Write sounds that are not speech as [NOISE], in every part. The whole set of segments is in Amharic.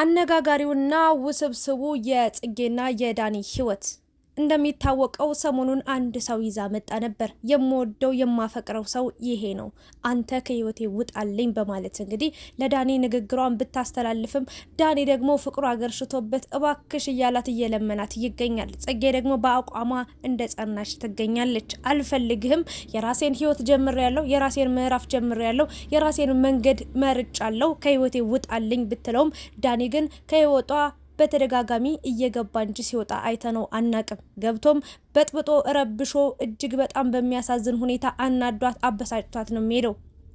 አነጋጋሪውና ውስብስቡ የጽጌና የዳኒ ህይወት እንደሚታወቀው ሰሞኑን አንድ ሰው ይዛ መጣ ነበር። የምወደው የማፈቅረው ሰው ይሄ ነው፣ አንተ ከህይወቴ ውጣልኝ በማለት እንግዲህ ለዳኔ ንግግሯን ብታስተላልፍም ዳኔ ደግሞ ፍቅሩ አገርሽቶበት እባክሽ እያላት እየለመናት ይገኛል። ጽጌ ደግሞ በአቋሟ እንደ ጸናች ትገኛለች። አልፈልግህም፣ የራሴን ህይወት ጀምሬያለሁ፣ የራሴን ምዕራፍ ጀምሬያለሁ፣ የራሴን መንገድ መርጫለሁ፣ ከህይወቴ ውጣልኝ ብትለውም ዳኔ ግን ከህይወቷ በተደጋጋሚ እየገባ እንጂ ሲወጣ አይተነው አናቅም። ገብቶም በጥብጦ ረብሾ እጅግ በጣም በሚያሳዝን ሁኔታ አናዷት አበሳጭቷት ነው የሚሄደው።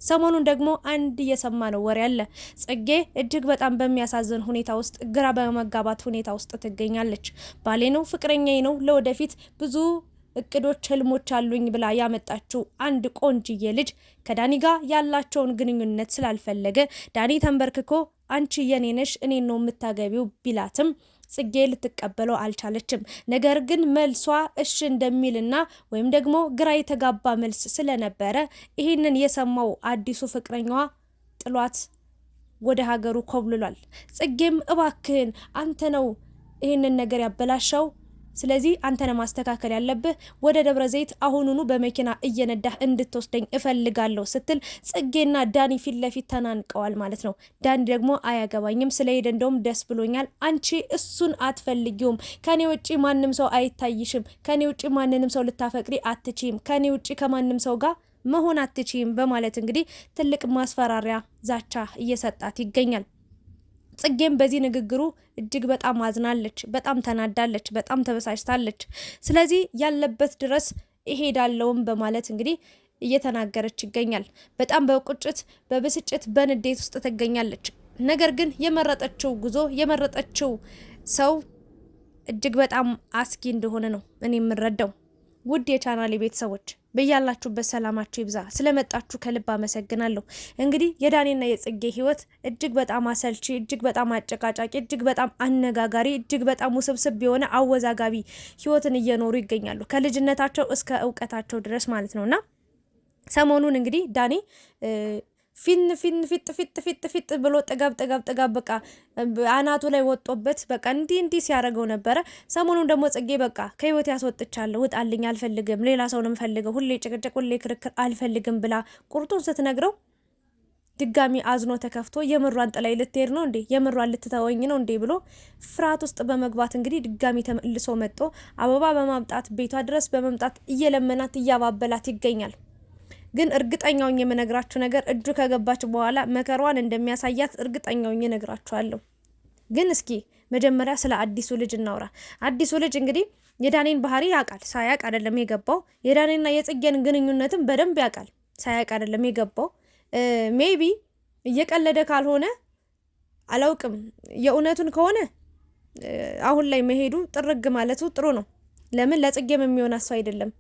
ሰሞኑን ደግሞ አንድ እየሰማ ነው ወሬ አለ። ጽጌ እጅግ በጣም በሚያሳዝን ሁኔታ ውስጥ ግራ በመጋባት ሁኔታ ውስጥ ትገኛለች። ባሌ ነው፣ ፍቅረኛዬ ነው፣ ለወደፊት ብዙ እቅዶች፣ ህልሞች አሉኝ ብላ ያመጣችው አንድ ቆንጅዬ ልጅ ከዳኒ ጋር ያላቸውን ግንኙነት ስላልፈለገ ዳኒ ተንበርክኮ አንቺ ነሽ፣ እኔ ነው የምታገቢው ቢላትም ጽጌ ልትቀበለው አልቻለችም። ነገር ግን መልሷ እሺ እንደሚልና ወይም ደግሞ ግራ የተጋባ መልስ ስለነበረ ይህንን የሰማው አዲሱ ፍቅረኛዋ ጥሏት ወደ ሀገሩ ኮብልሏል። ጽጌም እባክህን አንተ ነው ይህንን ነገር ያበላሸው ስለዚህ አንተነ ማስተካከል ያለብህ ወደ ደብረ ዘይት አሁኑኑ በመኪና እየነዳህ እንድትወስደኝ እፈልጋለሁ ስትል ጽጌና ዳኒ ፊት ለፊት ተናንቀዋል ማለት ነው። ዳኒ ደግሞ አያገባኝም ስለሄደ እንደውም ደስ ብሎኛል። አንቺ እሱን አትፈልጊውም። ከኔ ውጭ ማንም ሰው አይታይሽም። ከኔ ውጭ ማንንም ሰው ልታፈቅሪ አትችይም። ከኔ ውጭ ከማንም ሰው ጋር መሆን አትችይም በማለት እንግዲህ ትልቅ ማስፈራሪያ ዛቻ እየሰጣት ይገኛል። ጽጌም በዚህ ንግግሩ እጅግ በጣም አዝናለች፣ በጣም ተናዳለች፣ በጣም ተበሳጭታለች። ስለዚህ ያለበት ድረስ እሄዳለውም በማለት እንግዲህ እየተናገረች ይገኛል። በጣም በቁጭት በብስጭት በንዴት ውስጥ ትገኛለች። ነገር ግን የመረጠችው ጉዞ የመረጠችው ሰው እጅግ በጣም አስጊ እንደሆነ ነው እኔ የምረዳው። ውድ የቻናሌ ቤተሰቦች በያላችሁበት ሰላማችሁ ይብዛ። ስለመጣችሁ ከልብ አመሰግናለሁ። እንግዲህ የዳኔና የጽጌ ህይወት እጅግ በጣም አሰልቺ፣ እጅግ በጣም አጨቃጫቂ፣ እጅግ በጣም አነጋጋሪ፣ እጅግ በጣም ውስብስብ የሆነ አወዛጋቢ ህይወትን እየኖሩ ይገኛሉ ከልጅነታቸው እስከ እውቀታቸው ድረስ ማለት ነውና ሰሞኑን እንግዲህ ዳኔ ፊን ፊን ፊጥ ፊጥ ፊጥ ፊጥ ብሎ ጠጋብ ጠጋብ ጠጋብ በቃ አናቱ ላይ ወጦበት በቃ እንዲህ እንዲህ ሲያደርገው ነበረ። ሰሞኑን ደግሞ ጽጌ በቃ ከህይወት ያስወጥቻለሁ፣ ውጣልኝ፣ አልፈልግም፣ ሌላ ሰው ነው የምፈልገው፣ ሁሌ ጭቅጭቅ፣ ሁሌ ክርክር አልፈልግም ብላ ቁርጡን ስትነግረው ድጋሚ አዝኖ ተከፍቶ የምሯን ጥላይ ልትሄድ ነው እንዴ? የምሯን ልትተወኝ ነው እንዴ? ብሎ ፍርሃት ውስጥ በመግባት እንግዲህ ድጋሚ ተመልሶ መጥቶ አበባ በማምጣት ቤቷ ድረስ በመምጣት እየለመናት እያባበላት ይገኛል። ግን እርግጠኛውኝ የምነግራችሁ ነገር እጁ ከገባች በኋላ መከሯን እንደሚያሳያት እርግጠኛውኝ እነግራችኋለሁ። ግን እስኪ መጀመሪያ ስለ አዲሱ ልጅ እናውራ። አዲሱ ልጅ እንግዲህ የዳኔን ባህሪ ያውቃል። ሳያቅ አይደለም የገባው። የዳኔና የጽጌን ግንኙነትም በደንብ ያውቃል። ሳያቅ አይደለም የገባው። ሜቢ እየቀለደ ካልሆነ አላውቅም። የእውነቱን ከሆነ አሁን ላይ መሄዱ ጥርግ ማለቱ ጥሩ ነው። ለምን ለጽጌም የሚሆን ሰው አይደለም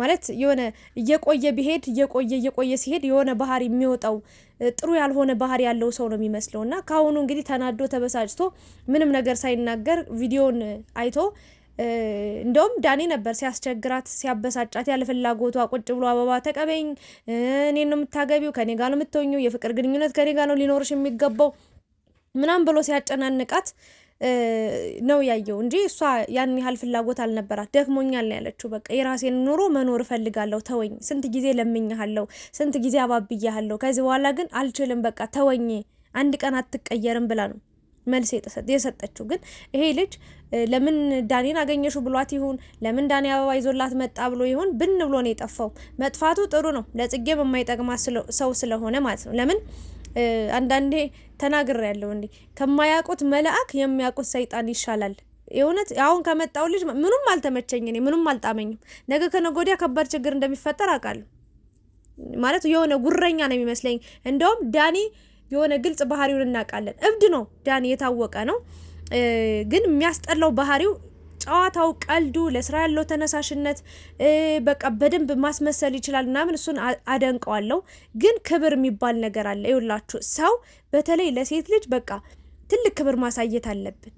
ማለት የሆነ እየቆየ ቢሄድ እየቆየ እየቆየ ሲሄድ የሆነ ባህሪ የሚወጣው ጥሩ ያልሆነ ባህሪ ያለው ሰው ነው የሚመስለው። እና ከአሁኑ እንግዲህ ተናዶ ተበሳጭቶ ምንም ነገር ሳይናገር ቪዲዮን አይቶ እንደውም ዳኔ ነበር ሲያስቸግራት ሲያበሳጫት ያለ ፍላጎቷ ቁጭ ብሎ አበባ ተቀበኝ፣ እኔን ነው የምታገቢው፣ ከኔ ጋር ነው የምትሆኙ፣ የፍቅር ግንኙነት ከኔ ጋር ነው ሊኖርሽ የሚገባው ምናምን ብሎ ሲያጨናንቃት ነው ያየው እንጂ እሷ ያን ያህል ፍላጎት አልነበራት። ደክሞኛል ነው ያለችው። በቃ የራሴን ኑሮ መኖር እፈልጋለሁ፣ ተወኝ። ስንት ጊዜ ለምኜሃለሁ፣ ስንት ጊዜ አባብዬሃለሁ። ከዚህ በኋላ ግን አልችልም፣ በቃ ተወኝ፣ አንድ ቀን አትቀየርም ብላ ነው መልስ የሰጠችው። ግን ይሄ ልጅ ለምን ዳኔን አገኘሹ ብሏት ይሁን ለምን ዳኔ አበባ ይዞላት መጣ ብሎ ይሁን ብን ብሎ ነው የጠፋው። መጥፋቱ ጥሩ ነው፣ ለጽጌም የማይጠቅማ ሰው ስለሆነ ማለት ነው። ለምን አንዳንዴ ተናግር ያለው እንዲ ከማያውቁት መልአክ የሚያውቁት ሰይጣን ይሻላል። የእውነት አሁን ከመጣው ልጅ ምንም አልተመቸኝ፣ እኔ ምንም አልጣመኝም። ነገ ከነገ ወዲያ ከባድ ችግር እንደሚፈጠር አውቃለሁ። ማለት የሆነ ጉረኛ ነው የሚመስለኝ። እንደውም ዳኒ የሆነ ግልጽ ባህሪውን እናውቃለን። እብድ ነው ዳኒ የታወቀ ነው። ግን የሚያስጠላው ባህሪው ጨዋታው፣ ቀልዱ፣ ለስራ ያለው ተነሳሽነት በቃ በደንብ ማስመሰል ይችላል ምናምን እሱን አደንቀዋለሁ። ግን ክብር የሚባል ነገር አለ። ይውላችሁ ሰው በተለይ ለሴት ልጅ በቃ ትልቅ ክብር ማሳየት አለብን።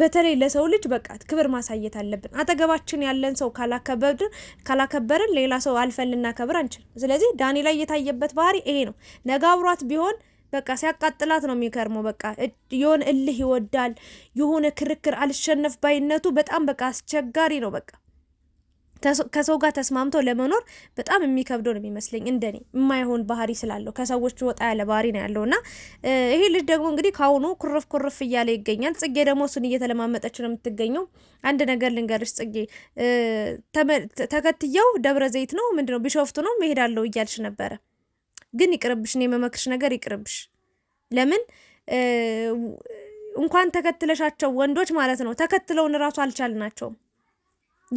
በተለይ ለሰው ልጅ በቃ ክብር ማሳየት አለብን። አጠገባችን ያለን ሰው ካላከበርን ሌላ ሰው አልፈን ልናከብር አንችልም። ስለዚህ ዳኒ ላይ የታየበት ባህሪ ይሄ ነው። ነገ አብሯት ቢሆን በቃ ሲያቃጥላት ነው የሚከርመው። በቃ የሆነ እልህ ይወዳል፣ የሆነ ክርክር፣ አልሸነፍ ባይነቱ በጣም በቃ አስቸጋሪ ነው። በቃ ከሰው ጋር ተስማምቶ ለመኖር በጣም የሚከብደው ነው የሚመስለኝ፣ እንደኔ የማይሆን ባህሪ ስላለው ከሰዎች ወጣ ያለ ባህሪ ነው ያለው እና ይሄ ልጅ ደግሞ እንግዲህ ከአሁኑ ኩርፍ ኩርፍ እያለ ይገኛል። ጽጌ ደግሞ እሱን እየተለማመጠች ነው የምትገኘው። አንድ ነገር ልንገርሽ ጽጌ፣ ተከትየው ደብረ ዘይት ነው ምንድነው ቢሾፍቱ ነው መሄዳለው እያልሽ ነበረ ግን ይቅርብሽ። እኔ የምመክርሽ ነገር ይቅርብሽ። ለምን እንኳን ተከትለሻቸው ወንዶች ማለት ነው ተከትለውን እራሱ አልቻልናቸውም።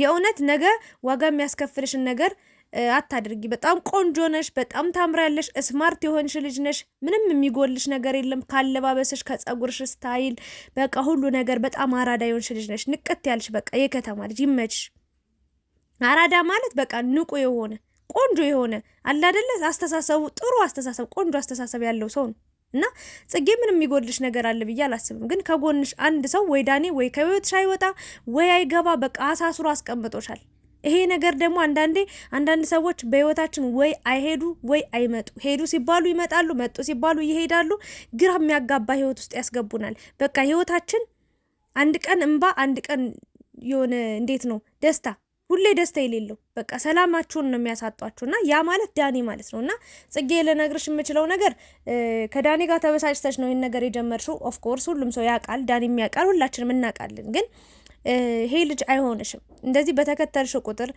የእውነት ነገ ዋጋ የሚያስከፍልሽን ነገር አታድርጊ። በጣም ቆንጆ ነሽ፣ በጣም ታምራለሽ፣ ስማርት የሆንሽ ልጅ ነሽ። ምንም የሚጎልሽ ነገር የለም። ካለባበስሽ፣ ከጸጉርሽ ስታይል፣ በቃ ሁሉ ነገር በጣም አራዳ የሆንሽ ልጅ ነሽ። ንቀት ያልሽ በቃ የከተማ ልጅ ይመችሽ። አራዳ ማለት በቃ ንቁ የሆነ ቆንጆ የሆነ አይደለ? አስተሳሰቡ ጥሩ አስተሳሰብ ቆንጆ አስተሳሰብ ያለው ሰው ነው። እና ጽጌ ምንም የሚጎድልሽ ነገር አለ ብዬ አላስብም። ግን ከጎንሽ አንድ ሰው ወይ ዳኔ ወይ ከህይወትሽ አይወጣ ወይ አይገባ፣ በቃ አሳስሮ አስቀምጦሻል። ይሄ ነገር ደግሞ አንዳንዴ አንዳንድ ሰዎች በህይወታችን ወይ አይሄዱ ወይ አይመጡ፣ ሄዱ ሲባሉ ይመጣሉ፣ መጡ ሲባሉ ይሄዳሉ። ግራ የሚያጋባ ህይወት ውስጥ ያስገቡናል። በቃ ህይወታችን አንድ ቀን እንባ፣ አንድ ቀን የሆነ እንዴት ነው ደስታ ሁሌ ደስታ የሌለው በቃ ሰላማችሁን ነው የሚያሳጧችሁ። እና ያ ማለት ዳኒ ማለት ነው። እና ጽጌ ልነግርሽ የምችለው ነገር ከዳኒ ጋር ተበሳጭተች ነው ይህን ነገር የጀመርሽው። ኦፍኮርስ ሁሉም ሰው ያውቃል፣ ዳኒ የሚያውቃል፣ ሁላችንም እናውቃለን ግን ይሄ ልጅ አይሆንሽም፣ እንደዚህ በተከተልሽ ቁጥር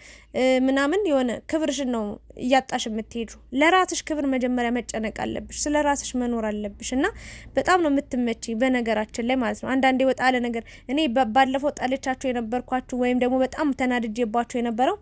ምናምን የሆነ ክብርሽን ነው እያጣሽ የምትሄዱ። ለራስሽ ክብር መጀመሪያ መጨነቅ አለብሽ፣ ስለ ራስሽ መኖር አለብሽ። እና በጣም ነው የምትመች በነገራችን ላይ ማለት ነው። አንዳንዴ ወጣ ያለ ነገር እኔ ባለፈው ጠልቻችሁ የነበርኳችሁ ወይም ደግሞ በጣም ተናድጄባችሁ የነበረው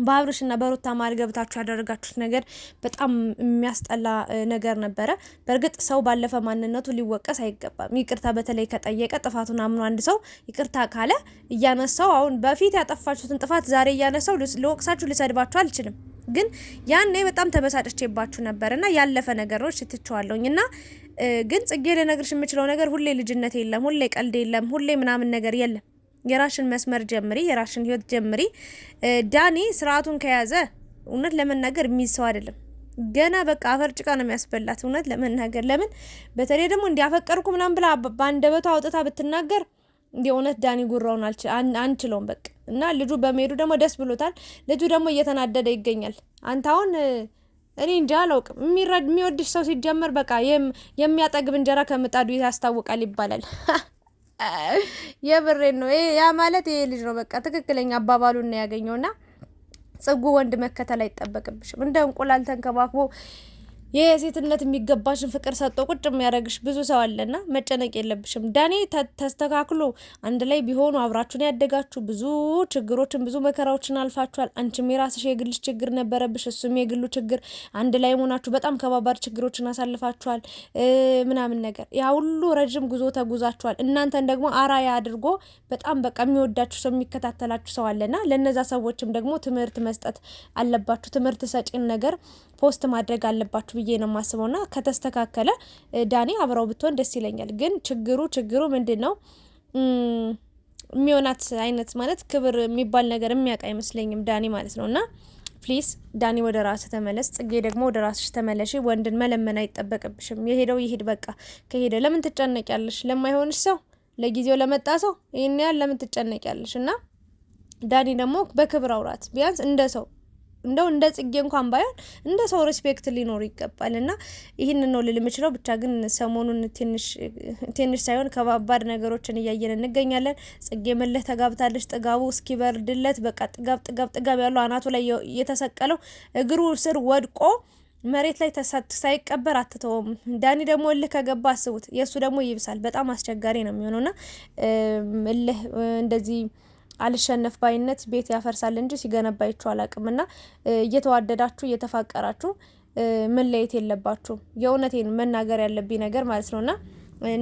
እና በሩታ መሀል ገብታችሁ ያደረጋችሁት ነገር በጣም የሚያስጠላ ነገር ነበረ። በእርግጥ ሰው ባለፈ ማንነቱ ሊወቀስ አይገባም። ይቅርታ በተለይ ከጠየቀ ጥፋቱን አምኖ አንድ ሰው ይቅርታ ካለ እያነሳው አሁን በፊት ያጠፋችሁትን ጥፋት ዛሬ እያነሳው ልወቅሳችሁ፣ ልሰድባችሁ አልችልም። ግን ያኔ በጣም ተበሳጭቼባችሁ ነበር እና ያለፈ ነገር ነው ትችዋለሁኝ እና ግን ጽጌ ልነግርሽ የምችለው ነገር ሁሌ ልጅነት የለም፣ ሁሌ ቀልድ የለም፣ ሁሌ ምናምን ነገር የለም የራሽን መስመር ጀምሪ፣ የራሽን ህይወት ጀምሪ። ዳኒ ስርዓቱን ከያዘ እውነት ለመናገር የሚይዝ ሰው አይደለም። ገና በቃ አፈር ጭቃ ነው የሚያስበላት። እውነት ለመናገር ለምን በተለይ ደግሞ እንዲያፈቀርኩ ምናምን ብላ በአንደበቷ አውጥታ ብትናገር የእውነት ዳኒ ጉራውን አንችለውም በቃ እና ልጁ በመሄዱ ደግሞ ደስ ብሎታል። ልጁ ደግሞ እየተናደደ ይገኛል። አንተ አሁን እኔ እንጂ አላውቅም። የሚወድሽ ሰው ሲጀመር በቃ የሚያጠግብ እንጀራ ከምጣዱ ያስታውቃል ይባላል። [LAUGHS] የብሬን ነው ያ ማለት ይሄ ልጅ ነው በቃ ትክክለኛ አባባሉን ነው ያገኘውና ጽጉ ወንድ መከተል አይጠበቅብሽም እንደ እንቁላል ተንከባክቦ የሴትነት የሚገባሽን ፍቅር ሰጥቶ ቁጭ የሚያደርግሽ ብዙ ሰው አለና መጨነቅ የለብሽም። ዳኒ ተስተካክሎ አንድ ላይ ቢሆኑ አብራችሁን ያደጋችሁ ብዙ ችግሮችን ብዙ መከራዎችን አልፋችኋል። አንቺም የራስሽ የግልሽ ችግር ነበረብሽ፣ እሱም የግሉ ችግር፣ አንድ ላይ መሆናችሁ በጣም ከባባድ ችግሮችን አሳልፋችኋል ምናምን ነገር ያ ሁሉ ረዥም ጉዞ ተጉዛችኋል። እናንተን ደግሞ አራያ አድርጎ በጣም በቃ የሚወዳችሁ ሰው የሚከታተላችሁ ሰው አለና ለነዛ ሰዎችም ደግሞ ትምህርት መስጠት አለባችሁ። ትምህርት ሰጪን ነገር ፖስት ማድረግ አለባችሁ ብዬ ነው የማስበው። ና ከተስተካከለ ዳኒ አብረው ብትሆን ደስ ይለኛል። ግን ችግሩ ችግሩ ምንድን ነው የሚሆናት አይነት ማለት ክብር የሚባል ነገር የሚያውቅ አይመስለኝም ዳኒ ማለት ነው እና ፕሊስ ዳኒ ወደ ራስ ተመለስ። ጽጌ ደግሞ ወደ ራስሽ ተመለሽ። ወንድን መለመን አይጠበቅብሽም። የሄደው ይሄድ በቃ ከሄደ ለምን ትጨነቂያለሽ? ለማይሆንሽ ሰው ለጊዜው ለመጣ ሰው ይህን ያህል ለምን ትጨነቂያለሽ? እና ዳኒ ደግሞ በክብር አውራት ቢያንስ እንደ ሰው እንደው እንደ ጽጌ እንኳን ባይሆን እንደ ሰው ሬስፔክት ሊኖር ይገባል። እና ይህን ነው ልል የምችለው። ብቻ ግን ሰሞኑን ትንሽ ሳይሆን ከባባድ ነገሮችን እያየን እንገኛለን። ጽጌ መለህ ተጋብታለች። ጥጋቡ እስኪበርድለት በቃ ጥጋብ ጥጋብ ጥጋብ ያለው አናቱ ላይ የተሰቀለው እግሩ ስር ወድቆ መሬት ላይ ሳይቀበር አትተውም። ዳኒ ደግሞ እልህ ከገባ አስቡት፣ የእሱ ደግሞ ይብሳል። በጣም አስቸጋሪ ነው የሚሆነውና እልህ እንደዚህ አልሸነፍ ባይነት ቤት ያፈርሳል እንጂ ሲገነባችሁ አላቅምና እየተዋደዳችሁ እየተፋቀራችሁ መለየት የለባችሁም። የእውነቴን መናገር ያለብኝ ነገር ማለት ነውና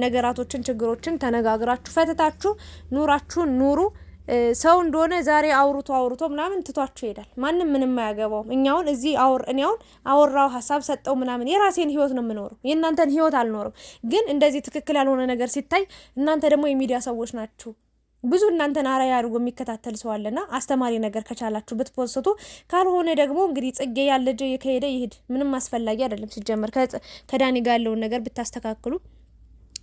ነገራቶችን፣ ችግሮችን ተነጋግራችሁ ፈትታችሁ ኑራችሁን ኑሩ። ሰው እንደሆነ ዛሬ አውርቶ አውርቶ ምናምን ትቷችሁ ይሄዳል። ማንም ምንም አያገባውም። እኛውን እዚህ አውር እኔ አሁን አወራው ሀሳብ ሰጠው ምናምን የራሴን ህይወት ነው የምኖረው፣ የእናንተን ህይወት አልኖርም። ግን እንደዚህ ትክክል ያልሆነ ነገር ሲታይ እናንተ ደግሞ የሚዲያ ሰዎች ናችሁ ብዙ እናንተን አርአያ አድርጎ የሚከታተል ሰው አለና አስተማሪ ነገር ከቻላችሁ ብትፖስቱ፣ ካልሆነ ደግሞ እንግዲህ ጽጌ ያለጀ ከሄደ ይሄድ። ምንም አስፈላጊ አይደለም። ሲጀመር ከዳኒ ጋር ያለውን ነገር ብታስተካክሉ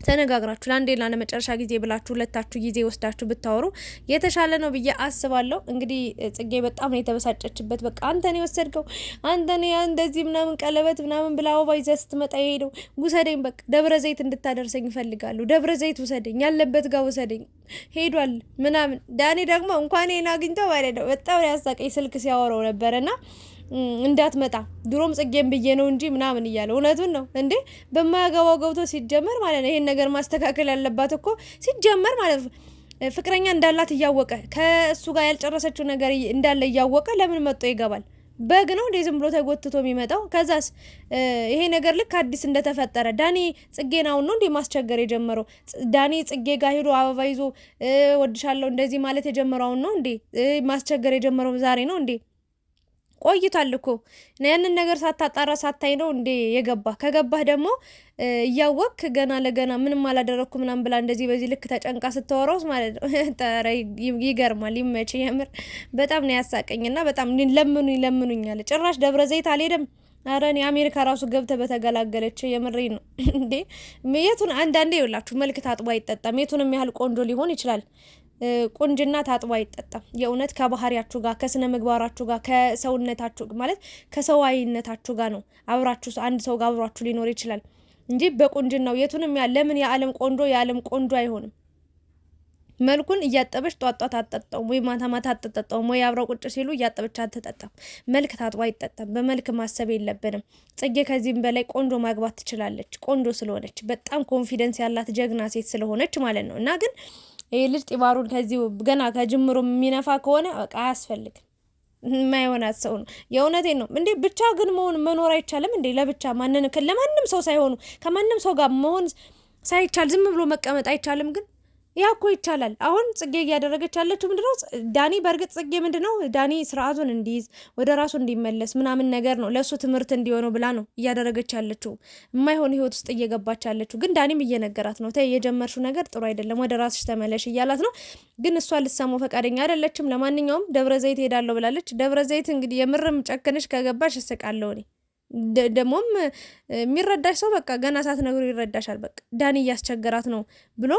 ተነጋግራችሁ ለአንዴና ለመጨረሻ ጊዜ ብላችሁ ሁለታችሁ ጊዜ ወስዳችሁ ብታወሩ የተሻለ ነው ብዬ አስባለሁ። እንግዲህ ጽጌ በጣም ነው የተበሳጨችበት። በቃ አንተ ነው የወሰድከው፣ አንተ ነው እንደዚህ ምናምን ቀለበት ምናምን ብላ አበባ ይዘህ ስትመጣ የሄደው። ውሰደኝ፣ በቃ ደብረ ዘይት እንድታደርሰኝ ይፈልጋሉ። ደብረ ዘይት ውሰደኝ፣ ያለበት ጋር ውሰደኝ፣ ሄዷል ምናምን። ዳኔ ደግሞ እንኳን ይሄን አግኝተው ባለ ነው በጣም ያሳቀኝ ስልክ ሲያወራው ነበረና እንዳትመጣ ድሮም ጽጌም ብዬ ነው እንጂ ምናምን እያለ እውነቱን ነው እንዴ በማያገባው ገብቶ ሲጀመር ማለት ነው። ይሄን ነገር ማስተካከል ያለባት እኮ ሲጀመር ማለት ነው። ፍቅረኛ እንዳላት እያወቀ ከእሱ ጋር ያልጨረሰችው ነገር እንዳለ እያወቀ ለምን መጥቶ ይገባል? በግ ነው እንዴ ዝም ብሎ ተጎትቶ የሚመጣው? ከዛስ ይሄ ነገር ልክ አዲስ እንደተፈጠረ ዳኒ ጽጌን አሁን ነው እንዴ ማስቸገር የጀመረው? ዳኒ ጽጌ ጋር ሂዶ አበባ ይዞ ወድሻለሁ እንደዚህ ማለት የጀመረው አሁን ነው እንዴ? ማስቸገር የጀመረው ዛሬ ነው እንዴ? ቆይቷል እኮ ያንን ነገር ሳታጣራ ሳታይ ነው እንዴ የገባ ከገባህ ደግሞ እያወክ ገና ለገና ምንም አላደረግኩ ምናምን ብላ እንደዚህ በዚህ ልክ ተጨንቃ ስተወራውስ ማለት ነው። ጠረ [LAUGHS] ይገርማል። ይመች የምር በጣም ነው ና በጣም ለምኑ ይለምኑኛል። ጭራሽ ደብረ ዘይት አልሄደም። ኧረ እኔ አሜሪካ ራሱ ገብተ በተገላገለች የምሬ ነው [LAUGHS] እንዴ የቱን አንዳንዴ ይውላችሁ መልክ ታጥቦ አይጠጣም። የቱንም ያህል ቆንጆ ሊሆን ይችላል ቁንጅና ታጥቦ አይጠጣም። የእውነት ከባህሪያችሁ ጋር ከስነ ምግባራችሁ ጋር ከሰውነታችሁ ማለት ከሰዋይነታችሁ ጋር ነው አብራችሁ አንድ ሰው ጋር አብሯችሁ ሊኖር ይችላል እንጂ በቁንጅናው የቱንም ለምን የዓለም ቆንጆ የዓለም ቆንጆ አይሆንም። መልኩን እያጠበች ጧጧት አትጠጣውም ወይ ማታ ማታ አትጠጣውም ወይ አብረው ቁጭ ሲሉ እያጠበች አትጠጣም። መልክ ታጥቦ አይጠጣም። በመልክ ማሰብ የለብንም። ጽጌ ከዚህም በላይ ቆንጆ ማግባት ትችላለች። ቆንጆ ስለሆነች በጣም ኮንፊደንስ ያላት ጀግና ሴት ስለሆነች ማለት ነው እና ግን ይህ ልጅ ጢባሩን ከዚህ ገና ከጅምሮ የሚነፋ ከሆነ በቃ አያስፈልግም። የማይሆናት ሰው ነው። የእውነቴን ነው እንዴ! ብቻ ግን መሆን መኖር አይቻልም እንዴ? ለብቻ ማንን ለማንም ሰው ሳይሆኑ ከማንም ሰው ጋር መሆን ሳይቻል ዝም ብሎ መቀመጥ አይቻልም ግን ያ እኮ ይቻላል። አሁን ጽጌ እያደረገች ያለችው ምንድነው? ዳኒ በእርግጥ ጽጌ ምንድነው ዳኒ ስርዓቱን እንዲይዝ ወደ ራሱ እንዲመለስ ምናምን ነገር ነው ለእሱ ትምህርት እንዲሆነው ብላ ነው እያደረገች ያለችው። የማይሆን ህይወት ውስጥ እየገባች ያለችው ግን ዳኒም እየነገራት ነው፣ ተይ የጀመርሽው ነገር ጥሩ አይደለም፣ ወደ ራስሽ ተመለሽ እያላት ነው። ግን እሷ ልትሰማው ፈቃደኛ አይደለችም። ለማንኛውም ደብረ ዘይት ሄዳለሁ ብላለች። ደብረ ዘይት እንግዲህ የምርም ጨክንሽ ከገባሽ እስቃለሁ እኔ ደግሞም የሚረዳሽ ሰው በቃ ገና ሳትነግሩ ይረዳሻል። በቃ ዳኒ እያስቸገራት ነው ብሎ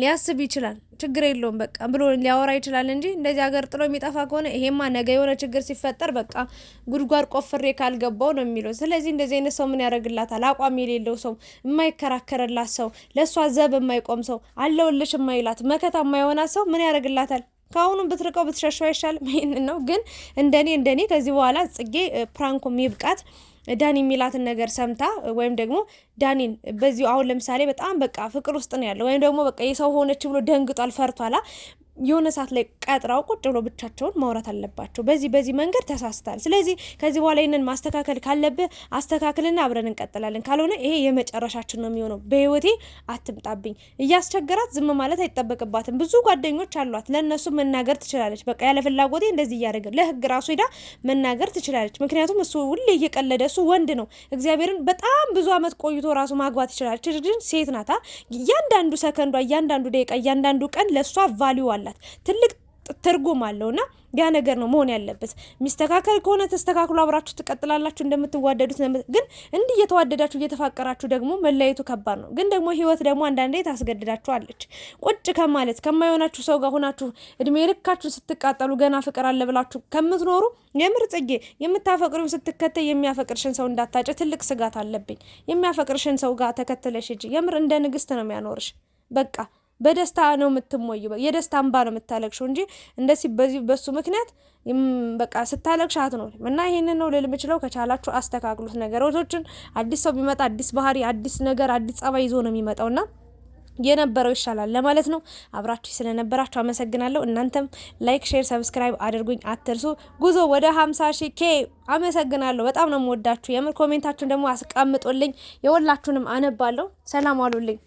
ሊያስብ ይችላል። ችግር የለውም በቃ ብሎ ሊያወራ ይችላል እንጂ እንደዚህ ሀገር ጥሎ የሚጠፋ ከሆነ ይሄማ ነገ የሆነ ችግር ሲፈጠር በቃ ጉድጓድ ቆፍሬ ካልገባው ነው የሚለው። ስለዚህ እንደዚህ አይነት ሰው ምን ያደርግላታል? አቋም የሌለው ሰው፣ የማይከራከርላት ሰው፣ ለእሷ ዘብ የማይቆም ሰው፣ አለውልሽ የማይላት መከታ የማይሆናት ሰው ምን ያደርግላታል? ከአሁኑ ብትርቀው ብትሸሸው አይሻልም? ይህንን ነው ግን እንደኔ እንደኔ ከዚህ በኋላ ጽጌ ፕራንኮ ይብቃት። ዳኒ የሚላትን ነገር ሰምታ ወይም ደግሞ ዳኒን በዚሁ አሁን ለምሳሌ በጣም በቃ ፍቅር ውስጥ ነው ያለው ወይም ደግሞ በቃ የሰው ሆነች ብሎ ደንግጧል፣ ፈርቷላ የሆነ ሰዓት ላይ ቀጥራው ቁጭ ብሎ ብቻቸውን ማውራት አለባቸው። በዚህ በዚህ መንገድ ተሳስታል፣ ስለዚህ ከዚህ በኋላ ይህንን ማስተካከል ካለብህ አስተካክልና አብረን እንቀጥላለን፣ ካልሆነ ይሄ የመጨረሻችን ነው የሚሆነው፣ በህይወቴ አትምጣብኝ። እያስቸገራት ዝም ማለት አይጠበቅባትም። ብዙ ጓደኞች አሏት፣ ለእነሱ መናገር ትችላለች። በቃ ያለ ፍላጎቴ እንደዚህ እያደረገ ለህግ ራሱ ሄዳ መናገር ትችላለች። ምክንያቱም እሱ ሁሌ እየቀለደ እሱ ወንድ ነው፣ እግዚአብሔርን በጣም ብዙ አመት ቆይቶ ራሱ ማግባት ይችላለች። ሴት ናታ። እያንዳንዱ ሰከንዷ፣ እያንዳንዱ ደቂቃ፣ እያንዳንዱ ቀን ለእሷ ቫሊዩ አላት። ትልቅ ትርጉም አለውና ያ ነገር ነው መሆን ያለበት። ሚስተካከል ከሆነ ተስተካክሎ አብራችሁ ትቀጥላላችሁ፣ እንደምትዋደዱት ግን እንዲህ እየተዋደዳችሁ እየተፋቀራችሁ ደግሞ መለያየቱ ከባድ ነው። ግን ደግሞ ህይወት ደግሞ አንዳንዴ ታስገድዳችኋለች። ቁጭ ከማለት ከማይሆናችሁ ሰው ጋር ሆናችሁ እድሜ ልካችሁን ስትቃጠሉ ገና ፍቅር አለ ብላችሁ ከምትኖሩ የምር ጽጌ የምታፈቅሩ ስትከተይ የሚያፈቅርሽን ሰው እንዳታጭ ትልቅ ስጋት አለብኝ። የሚያፈቅርሽን ሰው ጋር ተከተለሽ እጅ የምር እንደ ንግስት ነው የሚያኖርሽ በቃ በደስታ ነው የምትሞዩ፣ የደስታ እንባ ነው የምታለቅሽው እንጂ እንደዚህ በዚህ በሱ ምክንያት በቃ ስታለቅሽ አትኖሪም። እና ይህንን ነው ልል የምችለው። ከቻላችሁ አስተካክሉት ነገሮችን። አዲስ ሰው ቢመጣ አዲስ ባህሪ፣ አዲስ ነገር፣ አዲስ ጸባይ ይዞ ነው የሚመጣውና የነበረው ይሻላል ለማለት ነው። አብራችሁ ስለነበራችሁ አመሰግናለሁ። እናንተም ላይክ፣ ሼር፣ ሰብስክራይብ አድርጉኝ አትርሱ። ጉዞ ወደ 50 ሺ ኬ። አመሰግናለሁ። በጣም ነው የምወዳችሁ። የምር ኮሜንታችሁን ደግሞ አስቀምጦልኝ የወላችሁንም አነባለሁ። ሰላም አሉልኝ።